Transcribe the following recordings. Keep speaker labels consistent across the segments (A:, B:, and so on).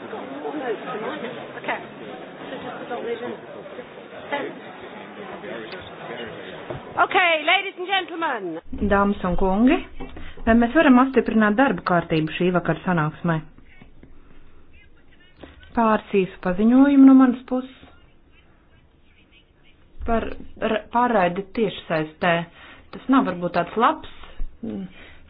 A: We've got four notes tonight. Okay. So just as long as Okay, ladies and gentlemen.
B: Dāmas un kungi, vai mēs varam apstiprināt darba kārtību šī vakara sanāksmē? Pāris īsu paziņojumu no manas puses par pārraidi tiešsaistē. Tas nav varbūt tāds labs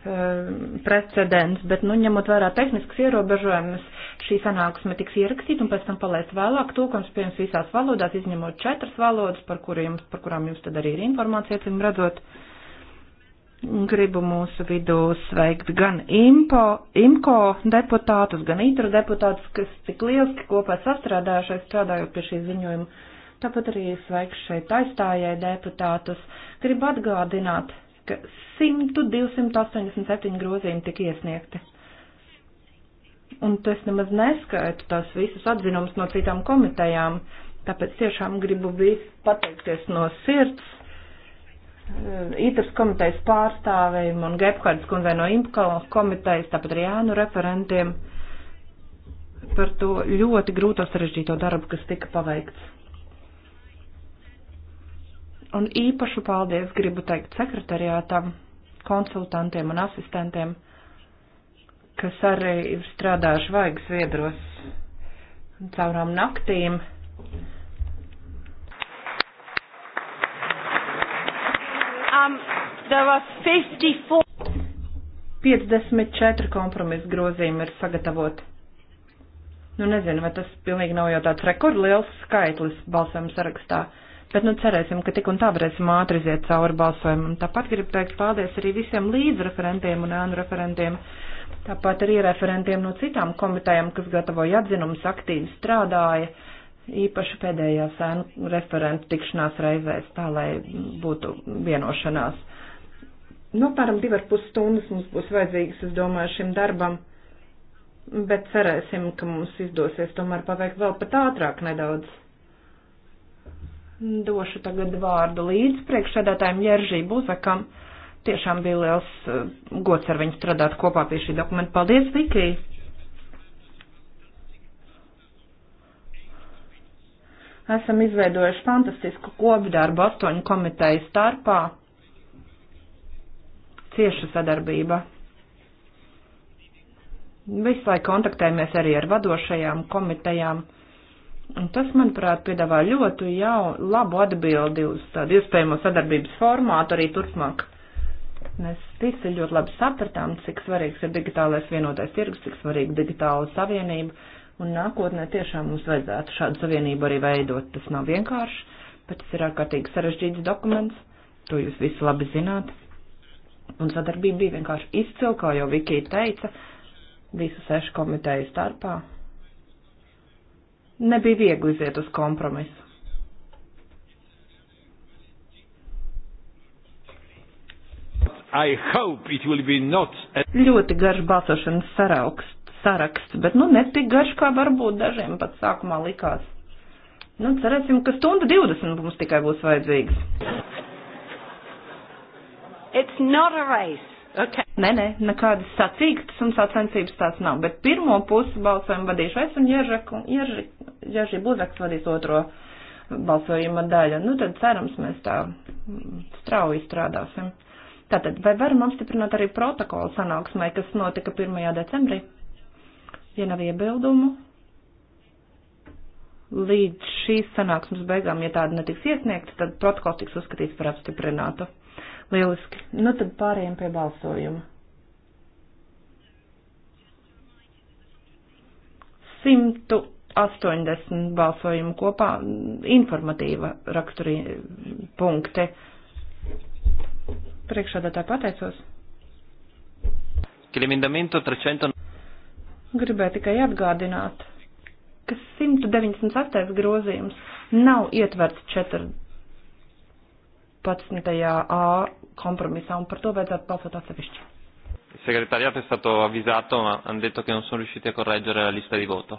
B: Eh, precedents, bet, nu, ņemot vērā tehniskas ierobežojumus, šī sanāksme tiks ierakstīta un pēc tam palaist vēlāk tūkums, piemēram, visās valodās, izņemot četras valodas, par, jums, par kurām jums tad arī ir informācija, acīm redzot. Gribu mūsu vidū sveikt gan IMPO, IMCO deputātus, gan ITRA deputātus, kas tik lieliski kopā sastrādājušies strādājot pie šī ziņojuma. Tāpat arī sveikšu šeit aizstājai deputātus. Gribu atgādināt, ka 100-287 grozījumi tika iesniegti. Un tas nemaz neskaitu tās visas atzinumus no citām komitejām, tāpēc tiešām gribu pateikties no sirds ITRS eh, komitejas pārstāvējiem un Gebhards kundzei no IMCO komitejas, tāpat arī Jānu referentiem par to ļoti grūto sarežģīto darbu, kas tika paveikts. Un īpašu paldies gribu teikt sekretariātam, konsultantiem un asistentiem, kas arī ir strādājuši vaigas viedros caurām naktīm. Um, 54. 54 kompromisu grozījumi ir sagatavoti. Nu, nezinu, vai tas pilnīgi nav jau tāds rekordliels skaitlis balsojuma sarakstā. Uh, Bet, nu, cerēsim, ka tik un tā varēsim ātri iziet cauri balsojumam. Tāpat gribu teikt paldies arī visiem līdzreferentiem un ēnu referentiem. Tāpat arī referentiem no citām komitējām, kas gatavoja atzinumus, aktīvi strādāja, īpaši pēdējā sēnu referentu tikšanās reizēs, tā lai būtu vienošanās. Nu, apmēram divi ar pus stundas mums būs vajadzīgas, es domāju, šim darbam, bet cerēsim, ka mums izdosies tomēr paveikt vēl pat ātrāk nedaudz. Došu tagad vārdu līdz priekšsēdētājiem Jeržī Buzakam. Tiešām bija liels eh, gods ar viņu strādāt kopā pie šī dokumenta. Paldies, Vikija! esam izveidojuši fantastisku kopdarbu astoņu komiteju starpā. Cieša sadarbība. Visu laiku kontaktējamies arī ar vadošajām komitejām Un tas, manuprāt, piedāvā ļoti jau labu atbildi uz tādu iespējamo sadarbības formātu arī turpmāk. Mēs visi ļoti labi sapratām, cik svarīgs ir digitālais vienotais tirgus, cik svarīga digitāla savienība, un nākotnē tiešām mums vajadzētu šādu savienību arī veidot. Tas nav vienkārši, bet tas ir ārkārtīgi sarežģīts dokuments, to jūs visi labi zināt. Un sadarbība bija vienkārši izcilkā, jo Vikija teica, visu sešu komiteju starpā, nebija viegli iziet uz kompromisu. Not... Ļoti garš balsošanas saraksts, saraksts, bet nu netik garš, kā varbūt dažiem pat sākumā likās. Nu, cerēsim, ka stunda 20 mums tikai būs vajadzīgs. It's not a race. Okay. Nē, nē, nekādas sacīkstas un sacensības tās nav, bet pirmo pusi balsojumu vadīšu es un Ježek un Ježek ja šī būveks vadīs otro balsojuma daļa, nu tad cerams mēs tā strauji strādāsim. Tātad, vai varam apstiprināt arī protokolu sanāksmai, kas notika 1. decembrī? Ja nav iebildumu, līdz šīs sanāksmes beigām, ja tāda netiks iesniegta, tad protokols tiks uzskatīts par apstiprinātu. Lieliski. Nu tad pārējiem pie balsojuma. 100 80 balsojumu kopā informatīva raksturī punkti. Priekšādātāji pateicos.
C: Krimindamento 300.
B: Gribēju tikai atgādināt, ka 198. grozījums nav ietverts 14. A kompromissā, un par to vajadzētu balsot atsevišķi.
D: Il segretariato è stato avvisato, ma hanno detto che non sono riusciti a correggere la lista
B: di voto.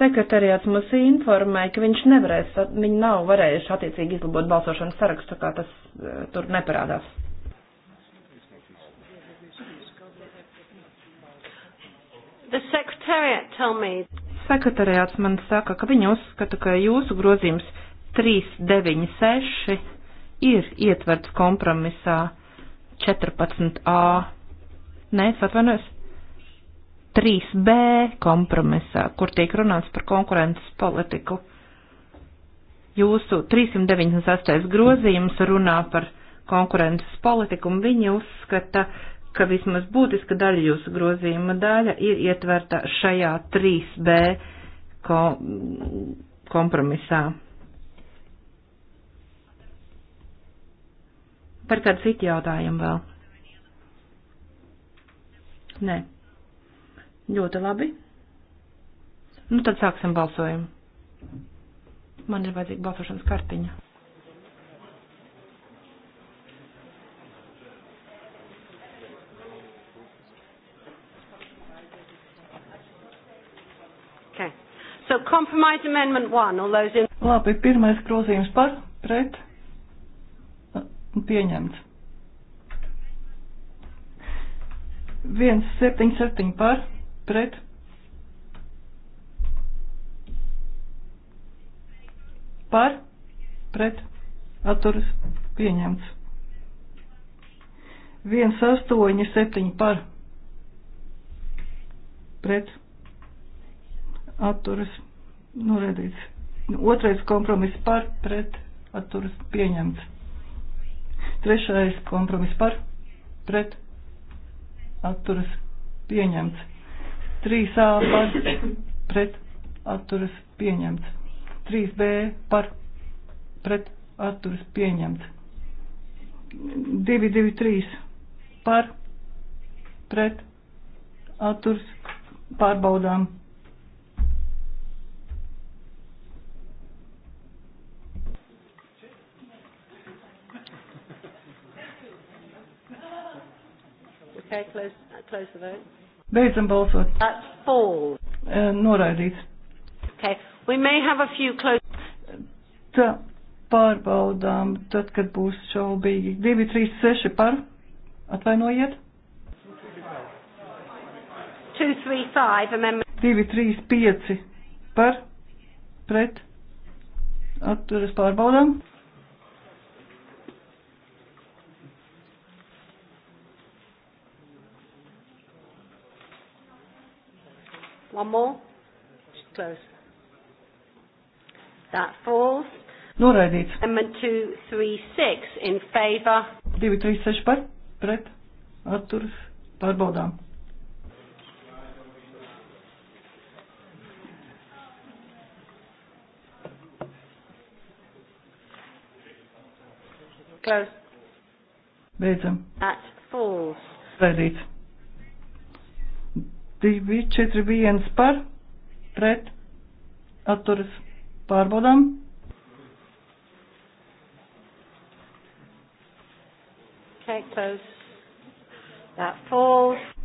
B: Sekretariāts mums informēja, ka viņš nevarēs, viņi nav varējuši attiecīgi izlabot balsošanas sarakstu, kā tas uh, tur neparādās. Sekretariāts man saka, ka viņi uzskata, ka jūsu grozījums 396 ir ietverts kompromisā 14a. Nē, es atvainojos. 3b kompromisā, kur tiek runāts par konkurences politiku. Jūsu 398. grozījums runā par konkurences politiku, un viņi uzskata, ka vismaz būtiska daļa jūsu grozījuma daļa ir ietverta šajā 3B kompromisā. Par kādu citu jautājumu vēl? Nē. Ļoti labi. Nu, tad sāksim balsojumu. Man ir vajadzīga balsošanas kartiņa.
A: Okay. So compromise amendment one, all those in...
C: Labi, pirmais grozījums par, pret, pieņemts. 177 par, pret par pret atturas pieņemts. 1, 8, 7 par pret atturas norēdīts. Nu, Otrais kompromiss par pret atturas pieņemts. Trešais kompromiss par pret atturas pieņemts. 3A par pret atturas pieņemts. 3B par pret atturas pieņemts. 223 par pret atturs pārbaudām.
A: Okay, close, close the vote.
C: Beidzam balsot.
A: Eh,
C: noraidīts.
A: Okay. Close...
C: Tā pārbaudām, tad, kad būs šaubīgi. 2, 3, 6 par. Atvainojiet.
A: 2, 3, 5. Then...
C: 2, 3, 5 par. Pret. Atturas pārbaudām.
A: One more. Just close. That falls. Noraidīts. Amendment 236 in favor.
C: 236 par, pret, atturas, pārbaudām. Close. Beidzam. That falls. Noraidīts. 2, 4, 1 par, pret, atturas pārbaudām.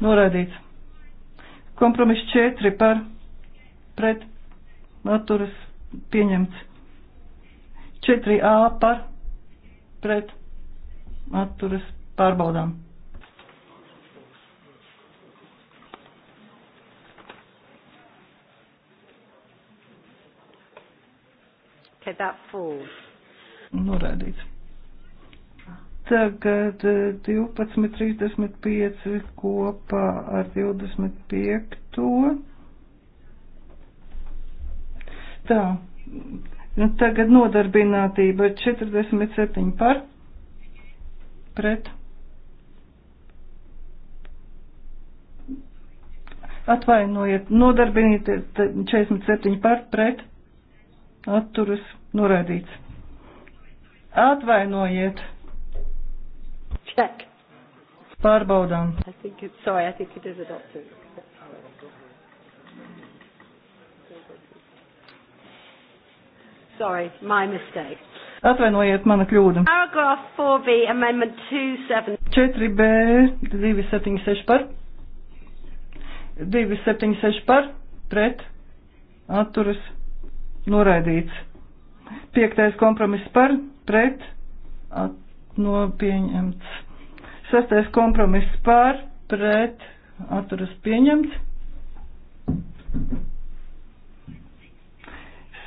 C: Noraidīts. Kompromiss 4 par, pret, atturas pieņemts. 4A par, pret, atturas pārbaudām.
A: Okay, that falls.
C: Norādīts. Tagad 12.35 eh, kopā ar 25. Tā, nu, tagad nodarbinātība 47 par pret. Atvainojiet, nodarbinīties 47 par pret atturas noraidīts. Atvainojiet. Check. Pārbaudām.
D: I
A: think it, sorry, I think it is adopted. Sorry, my
C: mistake. Atvainojiet, mana kļūda. Paragraph 4b, amendment 27. 4b, 276 par. 276 par, pret, atturas, noraidīts. Piektais kompromiss par, pret, at, no pieņemts. Sastais kompromiss par, pret, atturas pieņemts.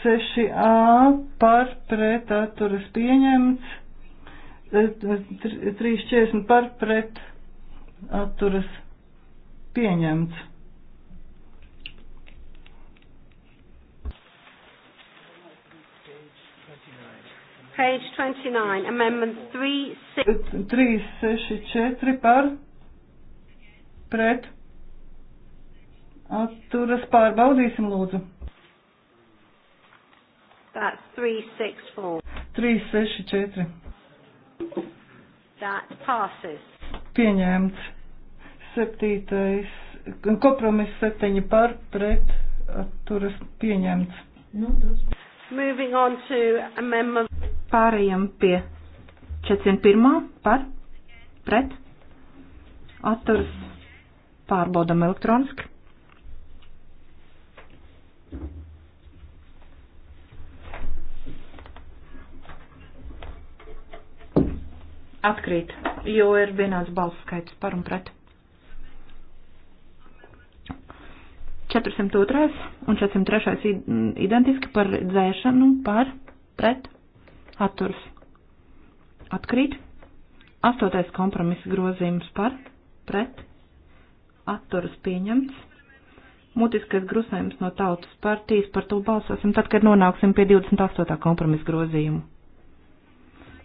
C: 6a par, pret, atturas pieņemts. 340 par, pret, atturas pieņemts.
A: Page 29, amendment
C: 364 par pret atturas pārbaudīsim lūdzu.
A: That's 364.
C: 364.
A: That passes.
C: Pieņemts. Septītais. Kompromiss septiņi par pret
B: atturas pieņemts. Nu, tas.
A: Moving on to amendment
B: Pārējiem pie 401. par pret atturas pārbaudam elektroniski. Atkrīt, jo ir vienāds balss skaits par un pret. 402 un 403 identiski par dzēšanu, par, pret, atturs atkrīt. Astotais kompromisa grozījums par, pret, atturas pieņemts. Mutiskais grusējums no tautas partijas par to balsosim tad, kad nonāksim pie 28. kompromisa grozījumu.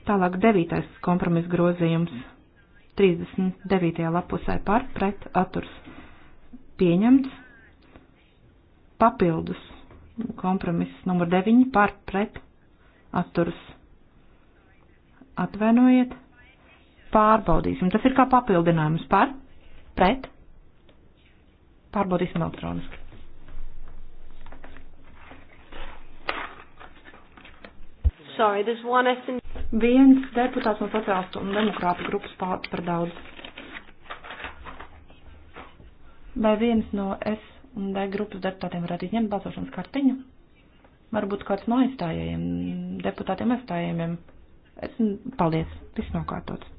B: Tālāk 9. kompromisa grozījums 39. lapusē par, pret, atturs pieņemts. Papildus kompromiss numur 9 par, pret, atturs pieņemts Atvainojiet. Pārbaudīsim. Tas ir kā papildinājums par, pret. Pārbaudīsim elektroniski.
A: Sorry, there's one SN.
B: Viens deputāts no sociālistu un demokrātu grupas pār, par daudz. Vai viens no S un D grupas deputātiem varētu izņemt balsošanas kartiņu? Varbūt kāds no aizstājējiem, deputātiem aizstājējiem Es, paldies, viss nokārtots.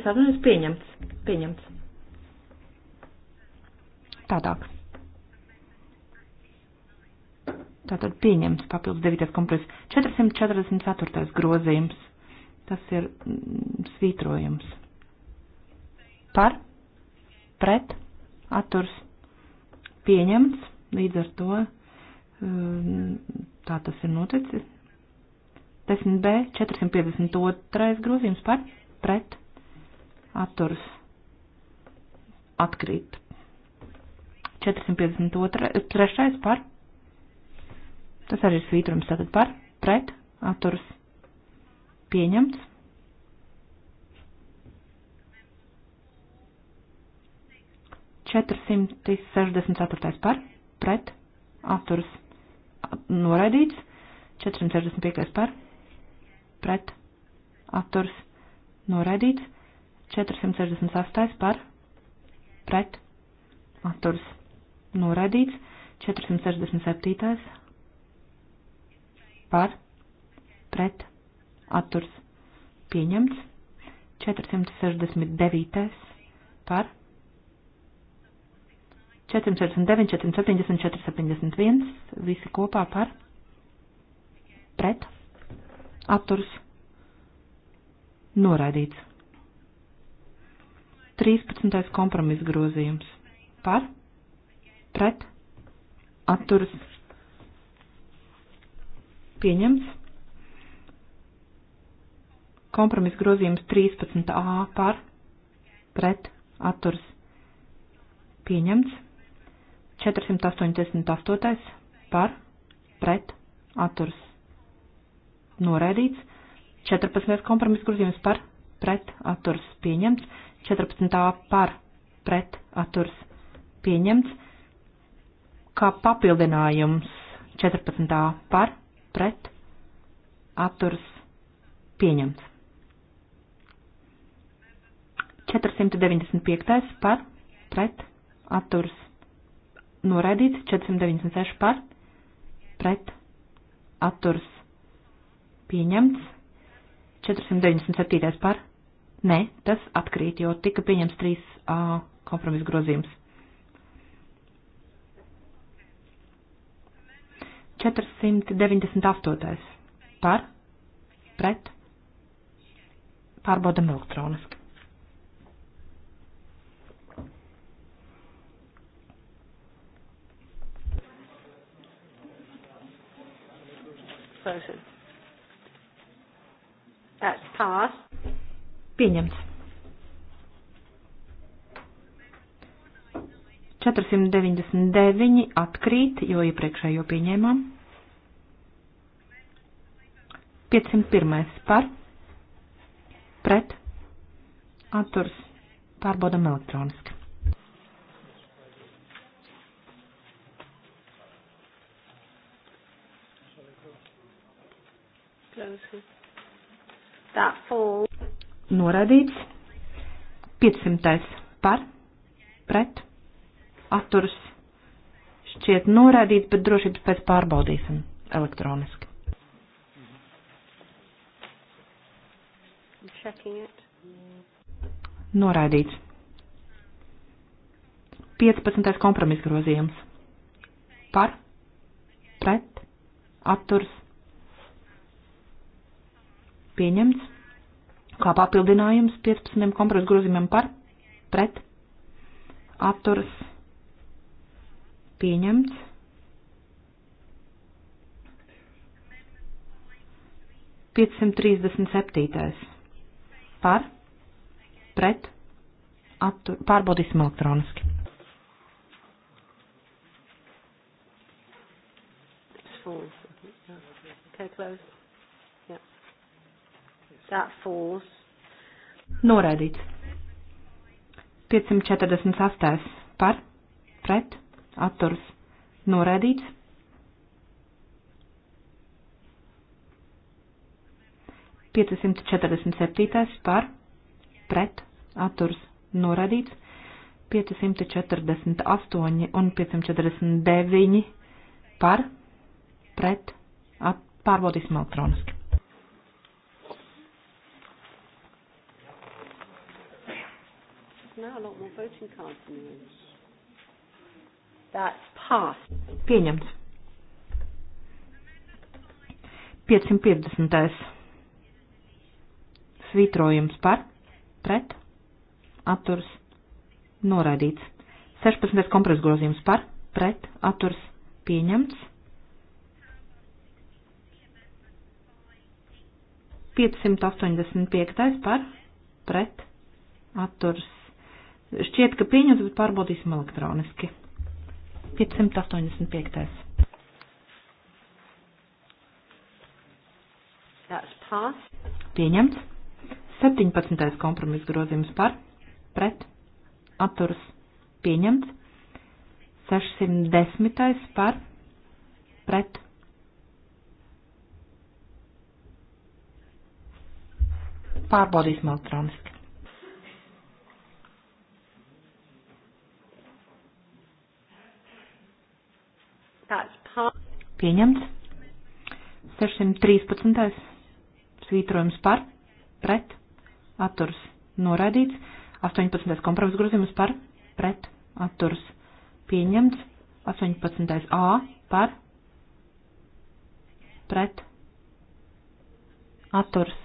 B: Es atceros, pieņemts. Pieņemts. Tādāk. Tātad pieņemts papildus 9. kompromiss. 444. grozījums. Tas ir mm, svītrojums. Par, pret, atturs, pieņemts, līdz ar to Ehm, tā tas ir noticis. 10b 452 grozījums par pret atturs atkrīt. 453 par, tas arī ir svītrums, tātad par, pret atturs pieņemts. Četrsimti sešdesmit ceturtais par, pret, atturs, noraidīts, 465 par, pret, atturs, noraidīts, 468 par, pret, atturs, noraidīts, 467 par, pret, atturs, pieņemts, 469 par, 449, 470, 471, visi kopā par, pret, atturs, noraidīts. 13. kompromis grozījums par, pret, atturs, pieņemts. Kompromis grozījums 13a par, pret, atturs, pieņemts. 488. par, pret, atturs noraidīts, 14. kompromiss grozījums par, pret, atturs pieņemts, 14. par, pret, atturs pieņemts, kā papildinājums 14. par, pret, atturs pieņemts. 495. par, pret, atturs noraidīts 496 par, pret, atturs, pieņemts 497 par, nē, tas atkrīt, jo tika pieņemts 3A kompromisa grozījums. 498 par, pret, pārbaudam elektroniski.
A: voted. That's passed.
B: Pieņemts. 499 atkrīt, jo iepriekšējo pieņēmām. 501 par, pret, atturs, pārbaudam elektroniski. Noraidīts. 500. par, pret, atturs. Šķiet noraidīts, bet drošības pēc pārbaudīsim elektroniski. Noraidīts. 15. kompromis grozījums. Par, pret, atturs pieņemts kā papildinājums 15 kompromisu grozījumiem par, pret, apturas, pieņemts. Piecsimt trīsdesmit septītais par, pret, attur, pārbaudīsim elektroniski.
A: Falls. Okay, close. That falls.
B: Noraidīts. 548. Par, pret, atturs. Noraidīts. 547. par, pret, atturs, noradīts, 548 un 549 par, pret, at, pārbaudīsim elektroniski.
A: now a lot more voting cards in the room. That's
B: passed. Pieņemts. 550. Svītrojums par, pret, atturs, noraidīts. 16. kompresa grozījums par, pret, atturs, pieņemts. 585. par, pret, atturs, Šķiet, ka pieņems, bet pārbaudīsim elektroniski. 585. Pieņemts. 17. kompromiss grozījums par, pret, atturas, pieņemts. 610. par, pret. Pārbaudīsim elektroniski. Pieņemts. 613. svītrojums par, pret, atturs noraidīts. 18. kompromiss grozījums par, pret, atturs pieņemts. 18. A par, pret, atturs.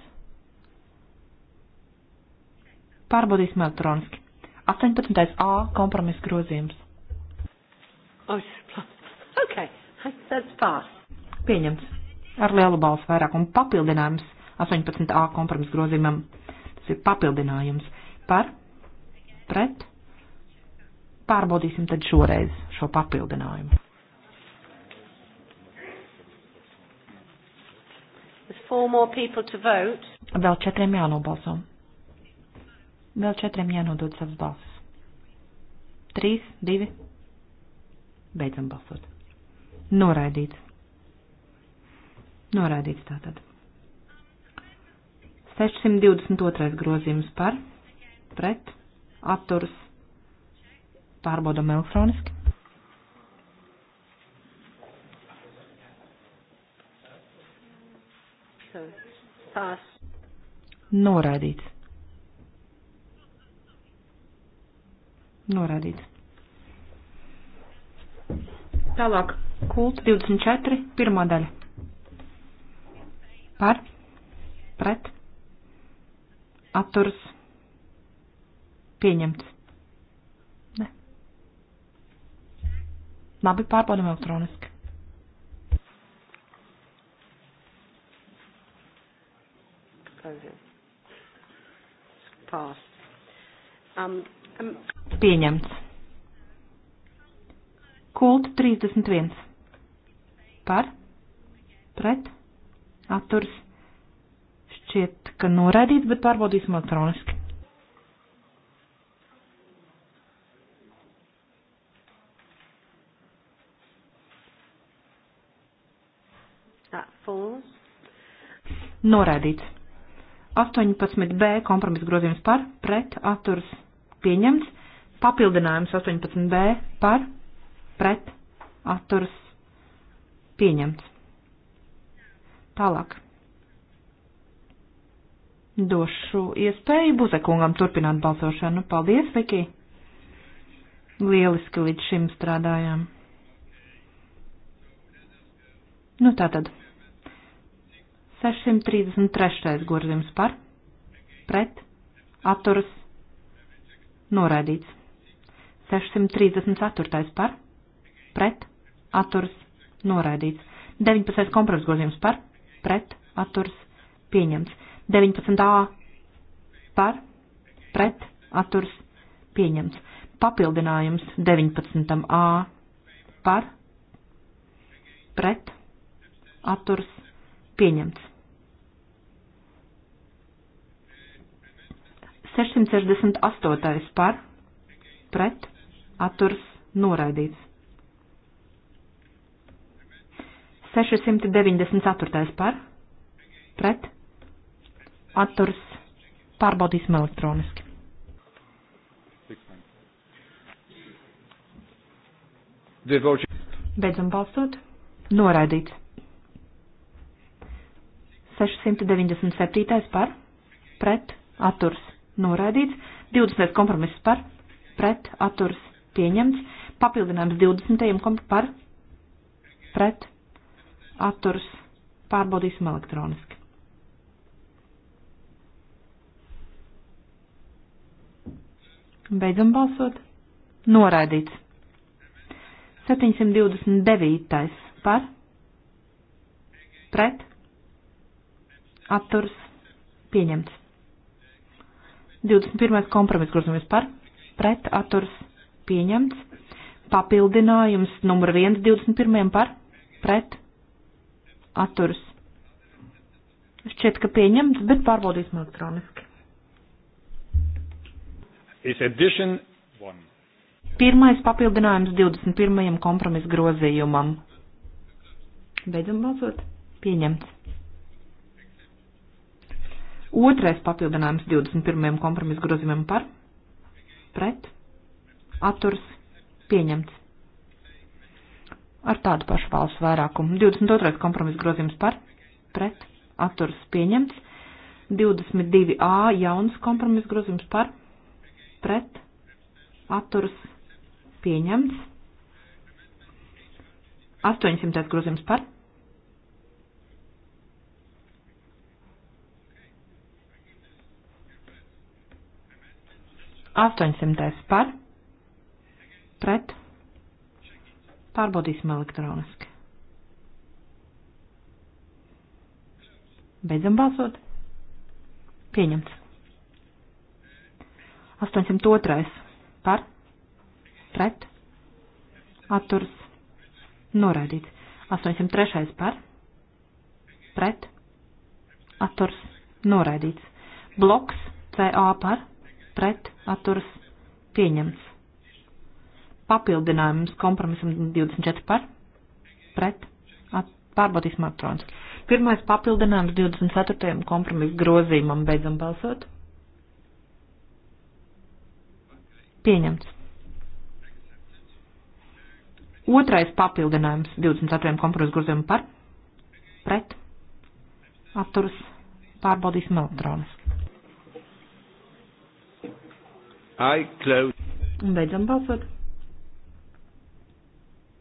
B: Pārbaudīsim elektroniski. 18. A kompromiss grozījums. Oh, Pieņemts ar lielu balsu vairākumu papildinājums 18a kompromisu grozījumam. Tas ir papildinājums par, pret. Pārbaudīsim tad šoreiz šo papildinājumu. Vēl četriem jānobalso. Vēl četriem jānodod savas balsis. Trīs, divi. Beidzam balsot. Noraidīts. Noraidīts tātad. 622. grozījums par, pret, apturs, pārbaudam elektroniski. Noraidīts. Noraidīts. Tālāk Kult 24, pirmā daļa. Par, pret, atturs, pieņemts. Ne. Labi, pārbaudam elektroniski.
A: Um, um.
B: Pieņemts. Kult 31 par, pret, atturs, šķiet, ka noraidīts, bet pārbaudīsim elektroniski. Noraidīts. 18b kompromisa grozījums par, pret, atturs, pieņemts. Papildinājums 18b par, pret, atturs, Pieņemts. Tālāk. Došu iespēju Buzekungam turpināt balsošanu. Paldies, Viki! Lieliski līdz šim strādājām. Nu tā tad. 633. grozījums par, pret, atturas, noraidīts. 634. par, pret, atturas, noraidīts. 19. kompromiss grozījums par, pret, atturs, pieņemts. 19. A par, pret, atturs, pieņemts. Papildinājums 19. A par, pret, atturs, pieņemts. 668. par, pret, atturs, noraidīts. 694. par, pret, atturs, pārbaudīsim elektroniski.
A: Beidzam
B: balsot. Noraidīts. 697. par, pret, atturs, noraidīts. 20. kompromiss par, pret, atturs, pieņemts. Papildinājums 20. par, pret, atturs pārbaudīsim elektroniski. Beidzam balsot. Noraidīts. 729. par. Pret. Atturs. Pieņemts. 21. kompromiss grozījums par. Pret. Atturs. Pieņemts. Papildinājums numur 1. 21. par. Pret atturas. Šķiet, ka pieņemts, bet pārbaudīsim elektroniski. Pirmais papildinājums 21. kompromisa grozījumam. Beidzam balsot. Pieņemts. Otrais papildinājums 21. kompromisa grozījumam par, pret, atturs, pieņemts ar tādu pašu balsu vairākumu. 22. kompromiss grozījums par, pret, atturas pieņemts. 22a jauns kompromiss grozījums par, pret, atturas pieņemts. 800. grozījums par. Astoņsimtais par, pret, Pārbaudīsim elektroniski. Beidzam balsot. Pieņemts. 802. Par. Pret. Atturs. Noraidīts. 803. Par. Pret. Atturs. Noraidīts. Bloks. CA par. Pret. Atturs. Pieņemts papildinājums kompromisam 24 par, pret, at, pārbaudīsim elektroniski. Pirmais papildinājums 24. kompromisu grozījumam beidzam balsot. Pieņemts. Otrais papildinājums 24. kompromisu grozījumu par, pret, atturas, pārbaudīsim elektroniski.
A: I close.
B: Un beidzam balsot.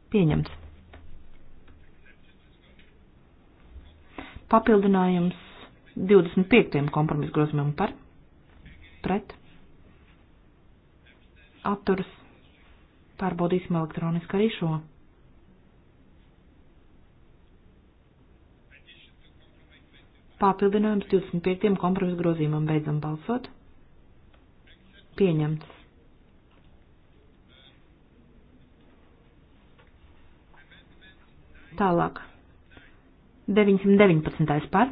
B: Pieņemts. Papildinājums 25. kompromisu grozījumam par, pret, atturas, pārbaudīsim elektroniski arī šo. Papildinājums 25. kompromisu grozījumam beidzam balsot. Pieņemts. Tālāk. 919. par.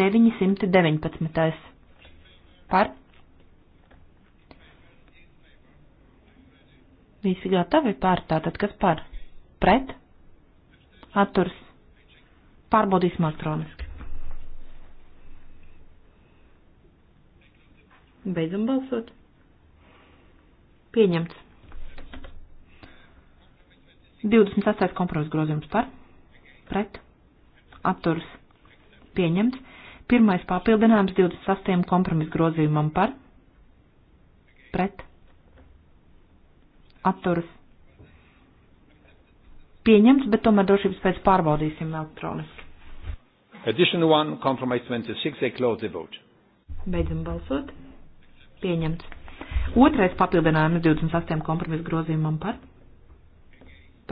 B: 919. par. Visi gatavi par, tātad kas par? Pret? Atturs? Pārbaudīsim elektroniski. Beidzam balsot. Pieņemts. 28. kompromiss grozījums par, pret, atturas, pieņemts. Pirmais papildinājums 28. kompromiss grozījumam par, pret, atturas, pieņemts, bet tomēr drošības pēc pārbaudīsim elektroniski.
A: Addition 1, compromise 26, I close the vote.
B: Beidzam balsot. Pieņemts. Otrais papildinājums 28. kompromisu grozījumam par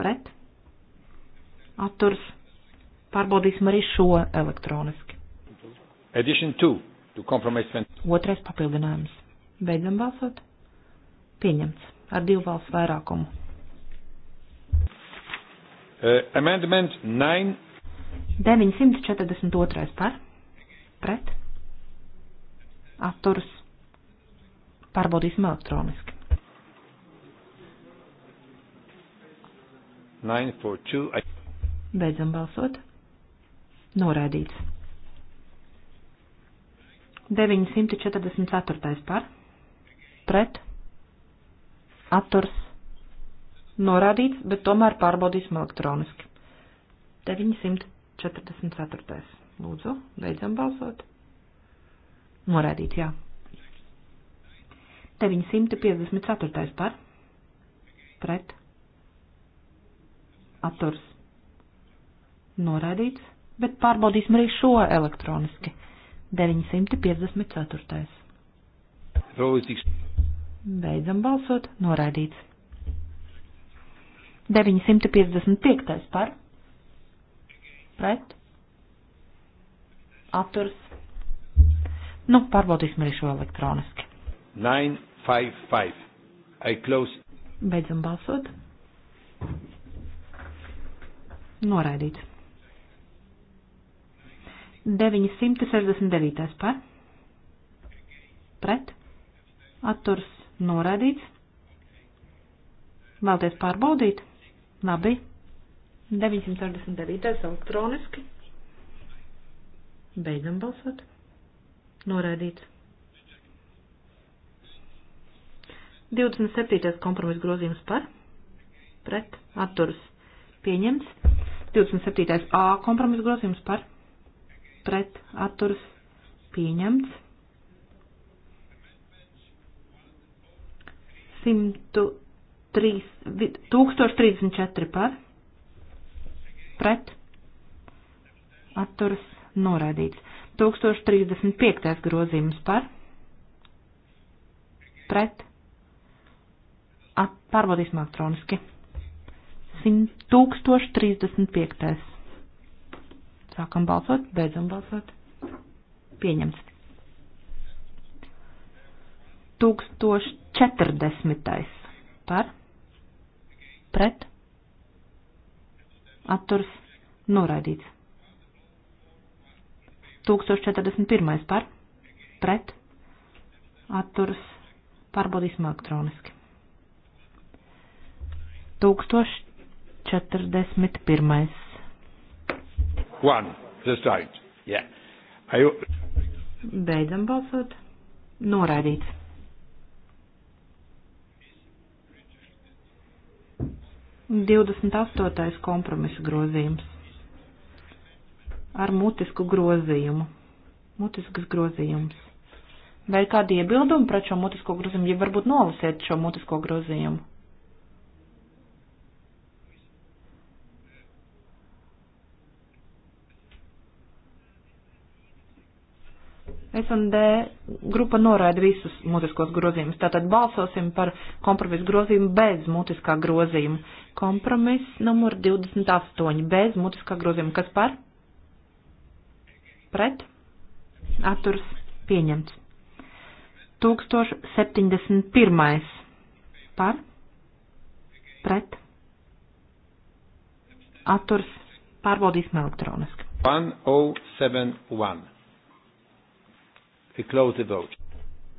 B: pret, atturs, pārbaudīsim arī šo elektroniski.
A: Addition 2 to compromise 20.
B: Otrais papildinājums. Beidzam balsot. Pieņemts ar divu valstu vairākumu.
A: Uh, amendment 9.
B: 942 par. Pret. Atturas. Pārbaudīsim elektroniski.
A: 942.
B: Beidzam balsot. Noraidīts. 944. par. Pret. Atturs. Norādīts, bet tomēr pārbaudīsim elektroniski. 944. Lūdzu, beidzam balsot. Norādīts, jā. 954. par. Pret atturs noraidīts, bet pārbaudīsim arī šo elektroniski. 954. Rūzīgs. Beidzam balsot, noraidīts. 955. par. Pret. Atturs. Nu, pārbaudīsim arī šo elektroniski.
A: 955. I close.
B: Beidzam balsot. Noraidīts. 969. par. Pret. Atturs noraidīts. Vēlties pārbaudīt? Labi. 969. elektroniski. Beidzam balsot. Noraidīts. 27. kompromis grozījums par. Pret. Atturs pieņemts. 27. A kompromisa grozījums par pret atturas pieņemts. 103, 1034 par pret atturas noraidīts. 1035. grozījums par pret at, pārbaudīsim elektroniski. 100, 1035. Sākam balsot, beidzam balsot. Pieņemts. 1040. Par. Pret. Atturs. Noraidīts. 1041. Par. Pret. Atturs. Pārbaudīsim elektroniski. 1040. 41.
A: One, just right. Yeah. You...
B: Beidzam balsot. Noraidīts. Divdesmit astotais kompromisa grozījums. Ar mutisku grozījumu. Mutisks grozījums. Vai ir kādi iebildumi pret šo mutisko grozījumu, ja varbūt nolasiet šo mutisko grozījumu? S&D grupa noraida visus mutiskos grozījumus. Tātad balsosim par kompromisu grozījumu bez mutiskā grozījuma. Kompromis numur 28 bez mutiskā grozījuma. Kas par? Pret? Atturs pieņemts. 1071. Par? Pret? Atturs pārbaudīsim elektroniski.
A: 1071. We close the vote.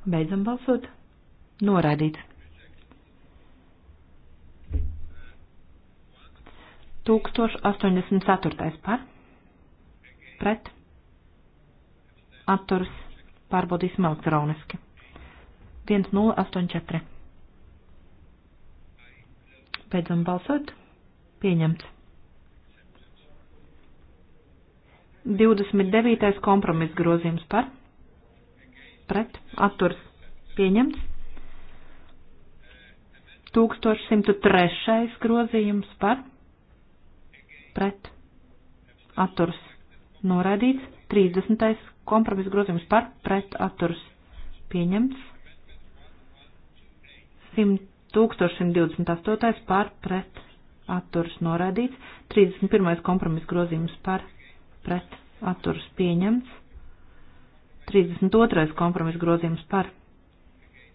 B: Beidzam balsot. Noraidīts. 1084. par. Pret. Atturs. Pārbaudīsim elektroniski. 1084. Beidzam balsot. Pieņemts. 29. kompromiss grozījums par pret atturs pieņemts. 1103. grozījums par pret atturs noraidīts. 30. kompromis grozījums par pret atturs pieņemts. 100, 1128. par pret atturs noraidīts. 31. kompromis grozījums par pret atturs pieņemts. 32. kompromis grozījums par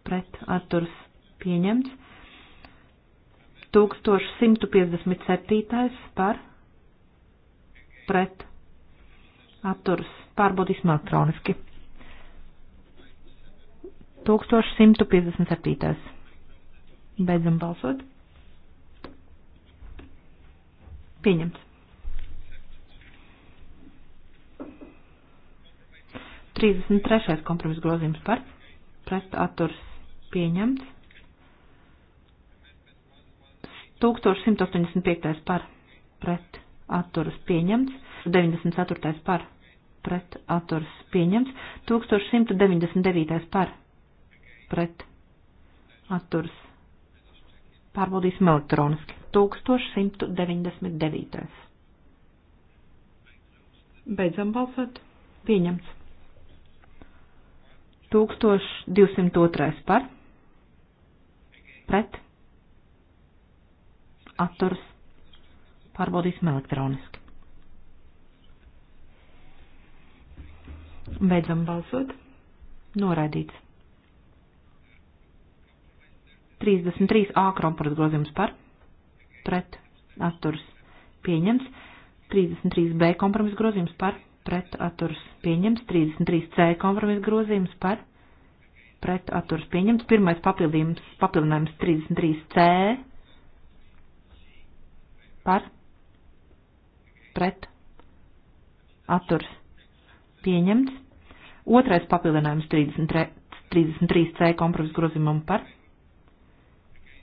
B: pret atturs pieņemts. 1157. par pret atturs pārbaudīsim elektroniski. 1157. Beidzam balsot. Pieņemts. 33. kompromiss grozījums par pret atturs pieņemts. 1185. par pret atturs pieņemts. 94. par pret atturs pieņemts. 1199. par pret atturs pārbaudīsim elektroniski. 1199. Beidzam balsot. Pieņemts. 1202 par, pret, atturs, pārbaudīsim elektroniski. Beidzam balsot. Noraidīts. 33 A krompurs grozījums par, pret, atturs, pieņems. 33 B kompromis grozījums par, pret atturs pieņems, 33C kompromisa grozījums par pret atturs pieņems, pirmais papildījums, papildinājums 33C par pret atturs pieņemts, otrais papildinājums 33, 33C kompromisa grozījumam par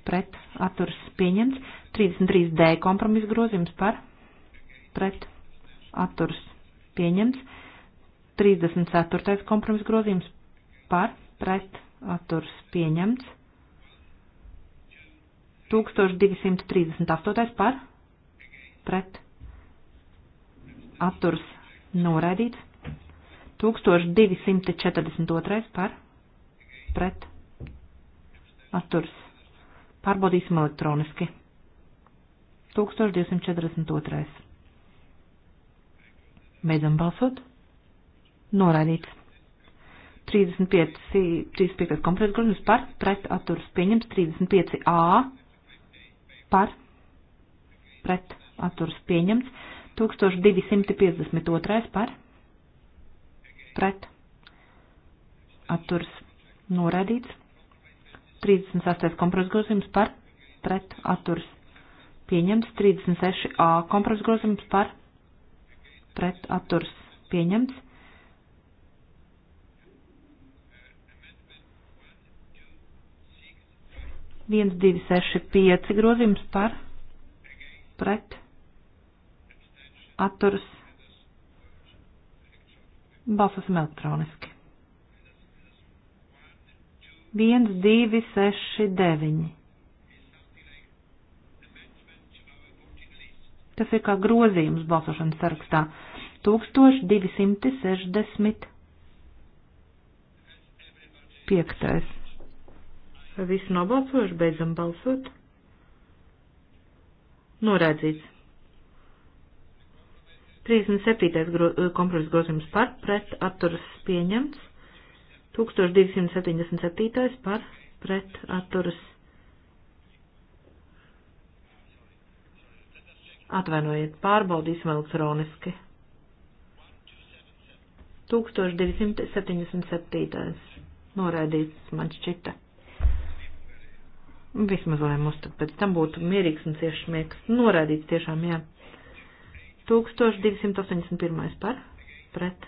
B: pret atturs pieņemts, 33D kompromisa grozījums par pret atturs pieņemts. 34. kompromis grozījums par pret atturs pieņemts. 1238. par pret atturs noraidīts. 1242. par pret atturs. Pārbaudīsim elektroniski. 1242. Beidzam balsot. Noraidīts. 35, 35 kompromisa grozījums par, pret atturas pieņems 35A par, pret atturas pieņems 1252 par, pret atturas noraidīts 38 kompromisa grozījums par, pret atturas pieņems 36A kompromisa grozījums par, pret pret atturs pieņemts. Viens, divi, seši, pieci grozījums par pret atturs. Balsosim elektroniski. 1, 2, 6, 9. Tas ir kā grozījums balsošanas sarakstā. 1265. Vai visi nobalsojuši? Beidzam balsot. Norādīts. 37. Gro, eh, kompromisa grozījums par, pret, atturas pieņemts. 1277. par, pret, atturas pieņemts. Atvainojiet, pārbaudīsim elektroniski. 1277. Noraidīts man šķita. Vismaz, lai mums tad pēc tam būtu mierīgs un cieši smiegs. Noraidīts tiešām, jā. 1281. par, pret,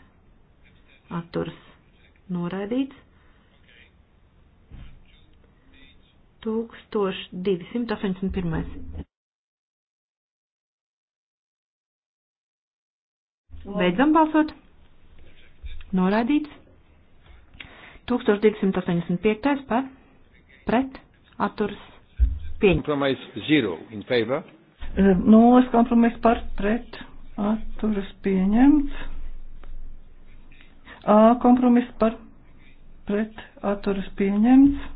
B: atturas, noraidīts. 1281. Beidzam balsot. Noraidīts. 1285. par pret atturas
A: pieņemts. E,
B: nulles
C: kompromiss par pret atturas pieņemts. A kompromiss par pret atturas pieņemts.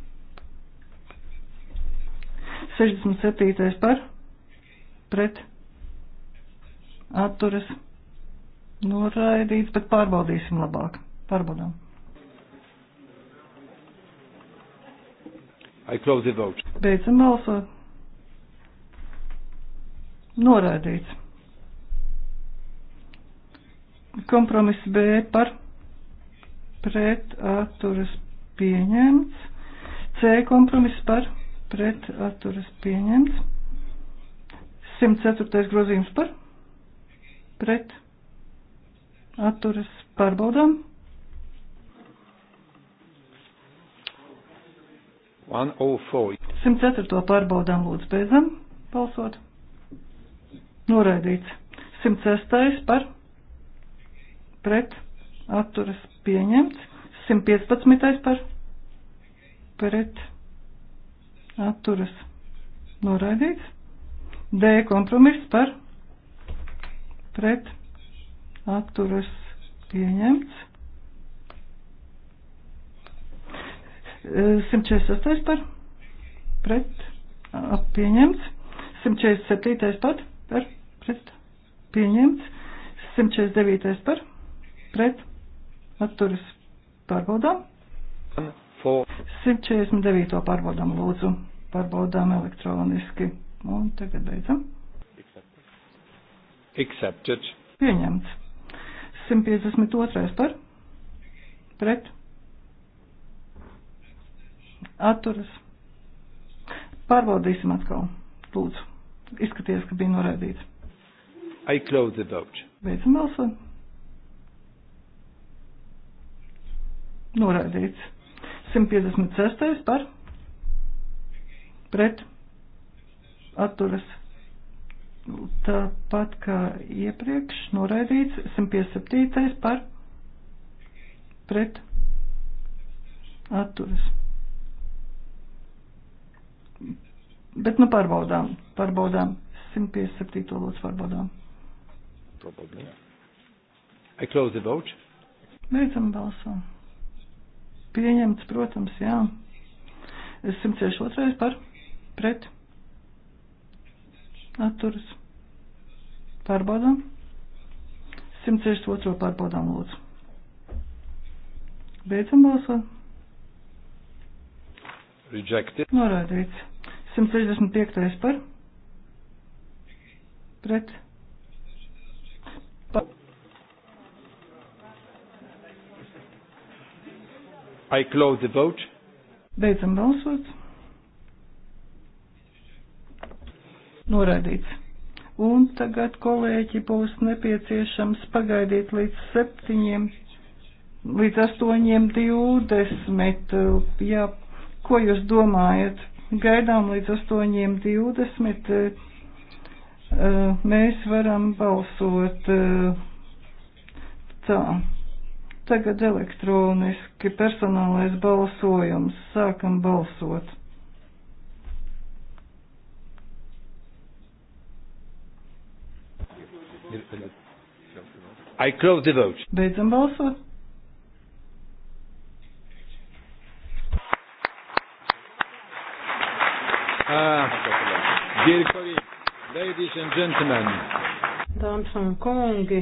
C: 67. par pret atturas pieņemts noraidīts, bet pārbaudīsim labāk. Pārbaudām.
D: I
A: close the vote.
C: Beidzam balsot. Noraidīts. Kompromiss B par pret atturas pieņemts. C kompromiss par pret atturas pieņemts. 104. grozījums par pret atturas pārbaudām.
A: 104.
C: 104. pārbaudām lūdzu beidzam balsot. Noraidīts. 106. par pret atturas pieņemts. 115. par pret atturas noraidīts. D kompromiss par pret atturas atturas pieņemts. 146 e, par pret pieņemts. 147 pat par pret pieņemts. 149 par pret atturas pārbaudām. 149 pārbaudām lūdzu. Pārbaudām elektroniski. Un tagad beidzam.
A: Accepted.
C: Pieņemts. 152. par pret atturas. Pārbaudīsim atkal. Lūdzu. Izskaties, ka bija noraidīts.
A: I close the vote.
C: Beidzam balsot. Noraidīts. 156. par pret atturas tāpat kā iepriekš noraidīts 157. par pret atturas. Bet nu pārbaudām, pārbaudām 157. lūdzu pārbaudām.
A: Probably. I close the vote.
C: Beidzam balso. Pieņemts, protams, jā. 162. par pret atturas atturas. Pārbaudām. 162. pārbaudām lūdzu. Beidzam balsot. Rejected. Noraidīts. 165. par. Pret. Pa.
A: I close the vote.
C: Beidzam balsot. Noraidīts. Un tagad, kolēģi, būs nepieciešams pagaidīt līdz septiņiem, līdz astoņiem divdesmit. Jā, ko jūs domājat? Gaidām līdz astoņiem divdesmit. Mēs varam balsot tā. Tagad elektroniski personālais balsojums. Sākam balsot.
A: I close the vote.
C: Beidzam balsot.
A: Uh, dear colleagues, ladies and gentlemen.
D: Dāmas un kungi.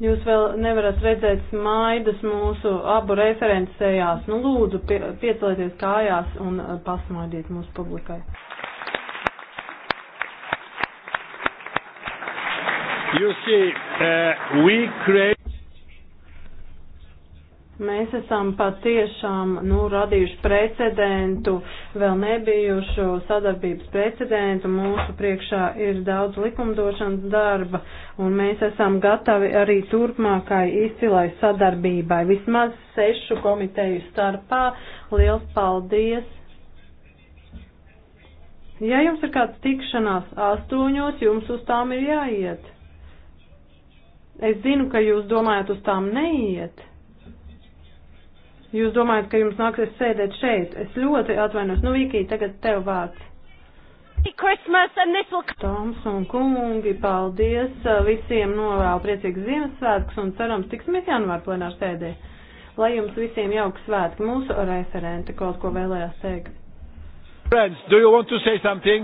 D: Jūs vēl nevarat redzēt smaidas mūsu abu referents sejās. Nu, lūdzu, pie, piecelieties kājās un eh, pasmaidiet mūsu publikai.
A: You see, uh, we create.
D: Mēs esam patiešām nu, radījuši precedentu, vēl nebijušu sadarbības precedentu. Mūsu priekšā ir daudz likumdošanas darba, un mēs esam gatavi arī turpmākai izcilai sadarbībai, vismaz sešu komiteju starpā. Liels paldies! Ja jums ir kāds tikšanās astoņos, jums uz tām ir jāiet. Es zinu, ka jūs domājat uz tām neiet. Jūs domājat, ka jums nāksies sēdēt šeit. Es ļoti atvainos. Nu, Viki, tagad tev vārds. Will... Toms un kungi, paldies. Visiem novēlu priecīgas Ziemassvētkus un cerams tiksimies janvāra plenāru sēdē. Lai jums visiem jauks svētki. Mūsu referente kaut ko vēlējās teikt.
A: Friends, do you want to say something?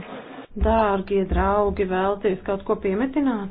D: Dārgie draugi, vēlties kaut ko piemetināt?